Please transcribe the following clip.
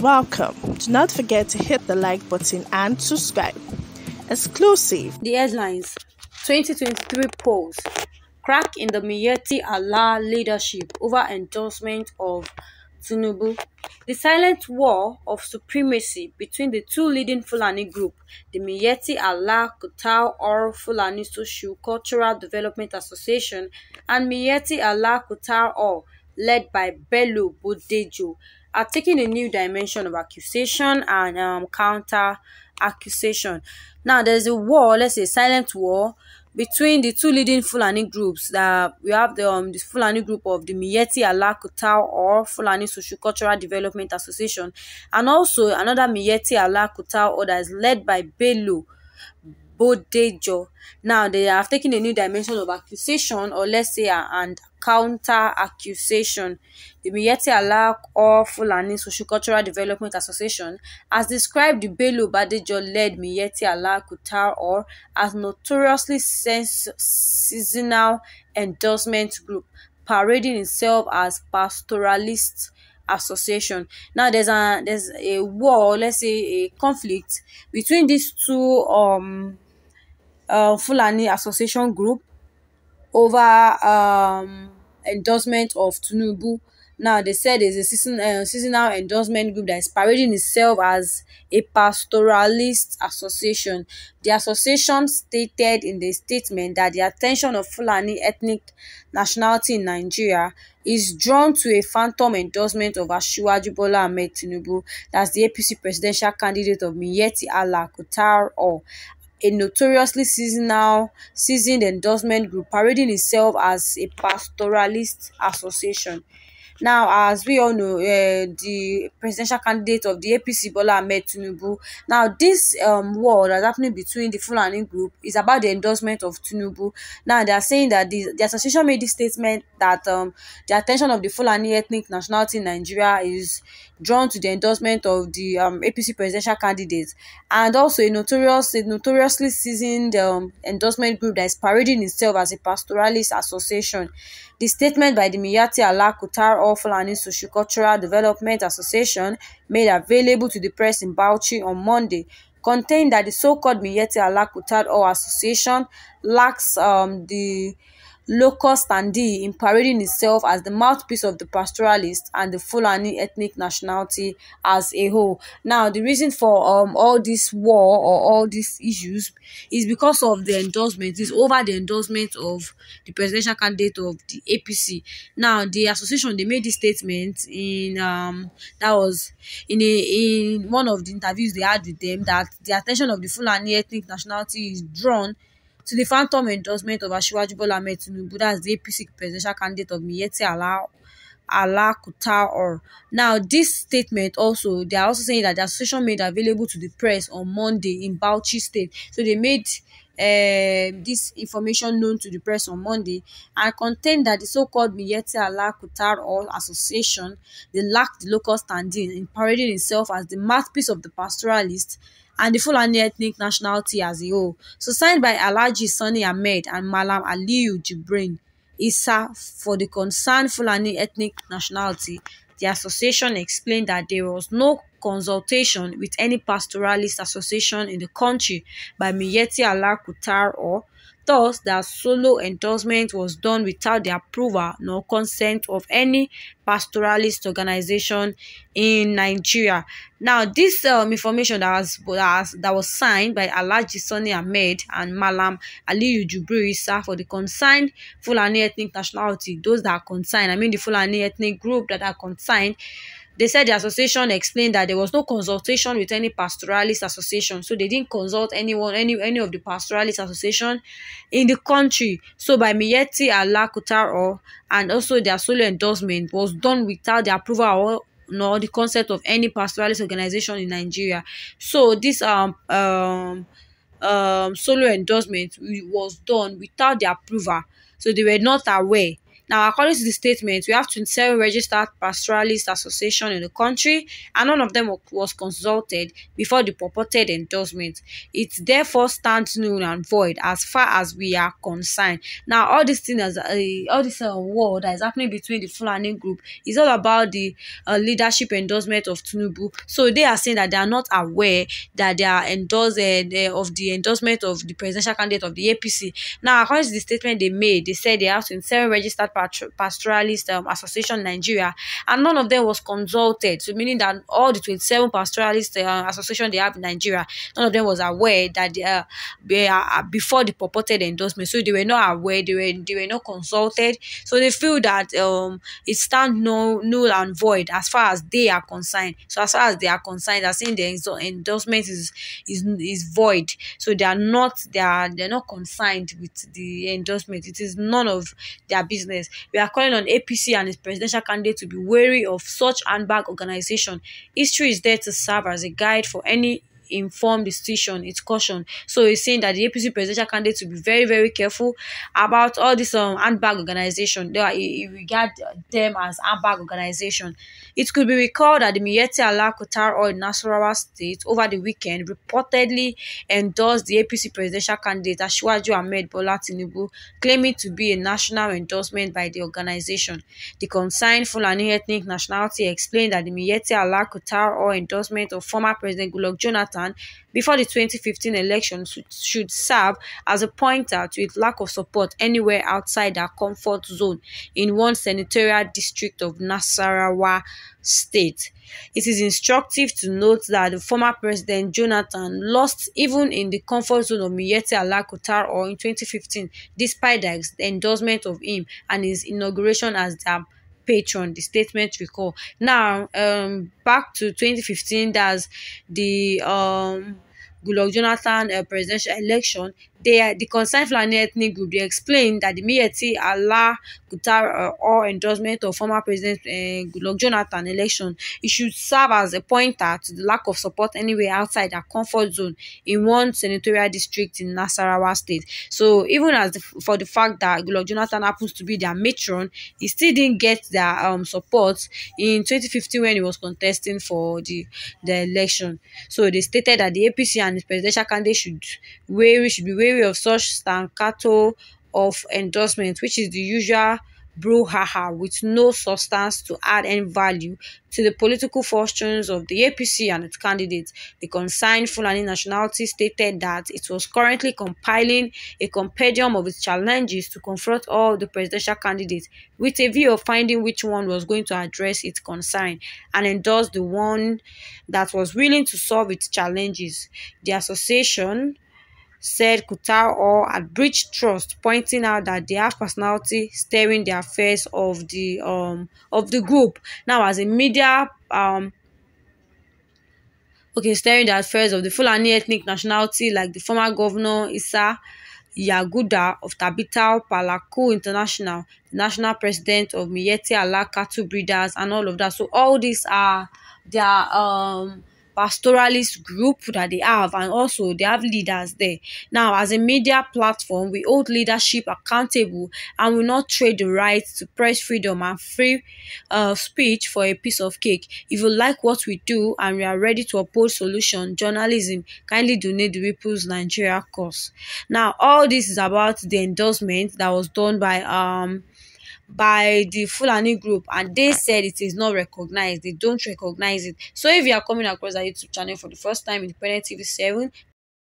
Welcome. Do not forget to hit the like button and subscribe. Exclusive. The headlines 2023 polls crack in the Miyetti Allah leadership over endorsement of Tinubu. The silent war of supremacy between the two leading Fulani group, the Miyetti Allah Kutau or Fulani Social Cultural Development Association and Miyetti Allah Kutau or led by Belu Buddeju. are taking a new dimension of accusation and um, counter accusation. Now, there's a war, let's say silent war, between the two leading Fulani groups. That we have the um, the Fulani group of the Miyetti Alakutau or Fulani Sociocultural Development Association, and also another Miyetti Alakutau order is led by Belu Bodejo. Now they have taken a new dimension of accusation, or let's say, and counter accusation. The Miyetti Allah or Fulani Social Cultural Development Association has described the Bello Badejo led Miyetti Allah Kutar or as notoriously seasonal endorsement group, parading itself as pastoralist association now there's a there's a war let's say a conflict between these two um uh, Fulani Association Group over um, endorsement of Tunubu. Now, they said there's a season, uh, seasonal endorsement group that is parading itself as a pastoralist association. The association stated in the statement that the attention of Fulani ethnic nationality in Nigeria is drawn to a phantom endorsement of Asiwaju Bola Ahmed Tinubu, that's the APC presidential candidate of Miyetti Allah Kutar or a notoriously seasonal, seasoned endorsement group parading itself as a pastoralist association. Now, as we all know, uh, the presidential candidate of the APC, Bola Ahmed Tinubu. Now, this um, war that's happening between the Fulani group is about the endorsement of Tinubu. Now, they are saying that the, the association made this statement that um, the attention of the Fulani ethnic nationality in Nigeria is drawn to the endorsement of the um, APC presidential candidate and also a notorious, a notoriously seasoned um, endorsement group that is parading itself as a pastoralist association. The statement by the Miyaty Allah Qatar All Fulani Sociocultural Development Association made available to the press in Bauchi on Monday contained that the so-called Miyetti Alakutar All Association lacks um, the locust Standee in parading itself as the mouthpiece of the pastoralists and the Fulani ethnic nationality as a whole. Now, the reason for um, all this war or all these issues is because of the endorsement, is over the endorsement of the presidential candidate of the APC. Now, the association they made this statement in um, that was in a in one of the interviews they had with them that the attention of the Fulani ethnic nationality is drawn to the phantom endorsement of Ashwaju Bola Ahmed Tinubu as the APC presidential candidate of Miyetti Allah Allah Kutar or now this statement also they are also saying that the association made available to the press on Monday in Bauchi state so they made uh, this information known to the press on Monday and contend that the so-called Miyetti Allah Kutar Association they lacked the local standing in parading itself as the mouthpiece of the pastoralists and the Fulani ethnic nationality as a whole. So signed by Alaji Sani Ahmed and Malam Aliyu Jibrin Issa for the concerned Fulani ethnic nationality, the association explained that there was no consultation with any pastoralist association in the country by Miyetti Alakutar Kutar or Thus, that solo endorsement was done without the approval nor consent of any pastoralist organization in Nigeria. Now, this um, information that was, that was signed by Alaji Sani Ahmed and Malam Aliyu Jubri Isa for the concerned Fulani ethnic nationality, those that are concerned, I mean the Fulani ethnic group that are concerned, they said the association explained that there was no consultation with any pastoralist association, so they didn't consult anyone, any any of the pastoralist association in the country. So by Miyetti Allah Kutaro, and also their solo endorsement was done without the approval or nor the concept of any pastoralist organization in Nigeria. So this um um um solo endorsement was done without the approval. So they were not aware now, according to the statement, we have 27 registered pastoralist associations in the country, and none of them was consulted before the purported endorsement. It therefore stands null and void as far as we are concerned. Now, all this thing is uh, all this uh, war that is happening between the Fulani group is all about the uh, leadership endorsement of Tinubu. So they are saying that they are not aware that they are endorsed uh, of the endorsement of the presidential candidate of the APC. Now, according to the statement they made, they said they have 27 registered Pastoralist um, Association Nigeria, and none of them was consulted. So meaning that all the 27 pastoralist uh, association they have in Nigeria, none of them was aware that they, uh, they are uh, before the purported endorsement. So they were not aware. They were they were not consulted. So they feel that um it stands no null and void as far as they are concerned. So as far as they are concerned, as in the endorsement is is is void. So they are not they are they're not concerned with the endorsement. It is none of their business we are calling on APC and its presidential candidate to be wary of such handbag organization. History is there to serve as a guide for any informed decision. It's caution. So he's saying that the APC presidential candidate should be very, very careful about all this um, handbag organization. They are, he, he regard them as handbag organization. It could be recalled that the Miyete Allah Qatar oil Nasarawa state over the weekend reportedly endorsed the APC presidential candidate Ashwaju Ahmed Bola Tinubu, claiming to be a national endorsement by the organization. The concerned Fulani ethnic nationality explained that the Miyete Allah Qatar oil endorsement of former President Goodluck Jonathan Pakistan before the 2015 election should serve as a pointer to its lack of support anywhere outside our comfort zone in one senatorial district of Nasarawa state. It is instructive to note that the former president Jonathan lost even in the comfort zone of Miyete Alakutar or in 2015, despite the endorsement of him and his inauguration as the patron the statement recall now um back to 2015 that's the um Goodluck Jonathan uh, presidential election they, the concerned Fulani ethnic group they explained that the Miyetti Allah Qatar uh, or endorsement of former President uh, Goodluck Jonathan election it should serve as a pointer to the lack of support anywhere outside their comfort zone in one senatorial district in Nasarawa state. So even as the, for the fact that Goodluck Jonathan happens to be their matron, he still didn't get their um, support in 2015 when he was contesting for the the election. So they stated that the APC and his presidential candidate should wary should be wary of such staccato of endorsement, which is the usual brouhaha with no substance to add any value to the political fortunes of the APC and its candidates. The concerned Fulani nationality stated that it was currently compiling a compendium of its challenges to confront all the presidential candidates with a view of finding which one was going to address its concern and endorse the one that was willing to solve its challenges. The association said Kutal or had breached trust, pointing out that they have personality steering the affairs of the um of the group. Now, as a media um okay, steering the affairs of the Fulani ethnic nationality, like the former governor Issa Yaguda of Tabital Palaku International, the national president of Miyetti Alaka cattle breeders, and all of that. So all these are their um pastoralist group that they have and also they have leaders there now as a media platform we hold leadership accountable and will not trade the right to press freedom and free uh, speech for a piece of cake if you like what we do and we are ready to oppose solution journalism kindly donate the ripples nigeria cause now all this is about the endorsement that was done by um by the Fulani group and they said it is not recognized. They don't recognize it. So if you are coming across our YouTube channel for the first time, Independent TV 7,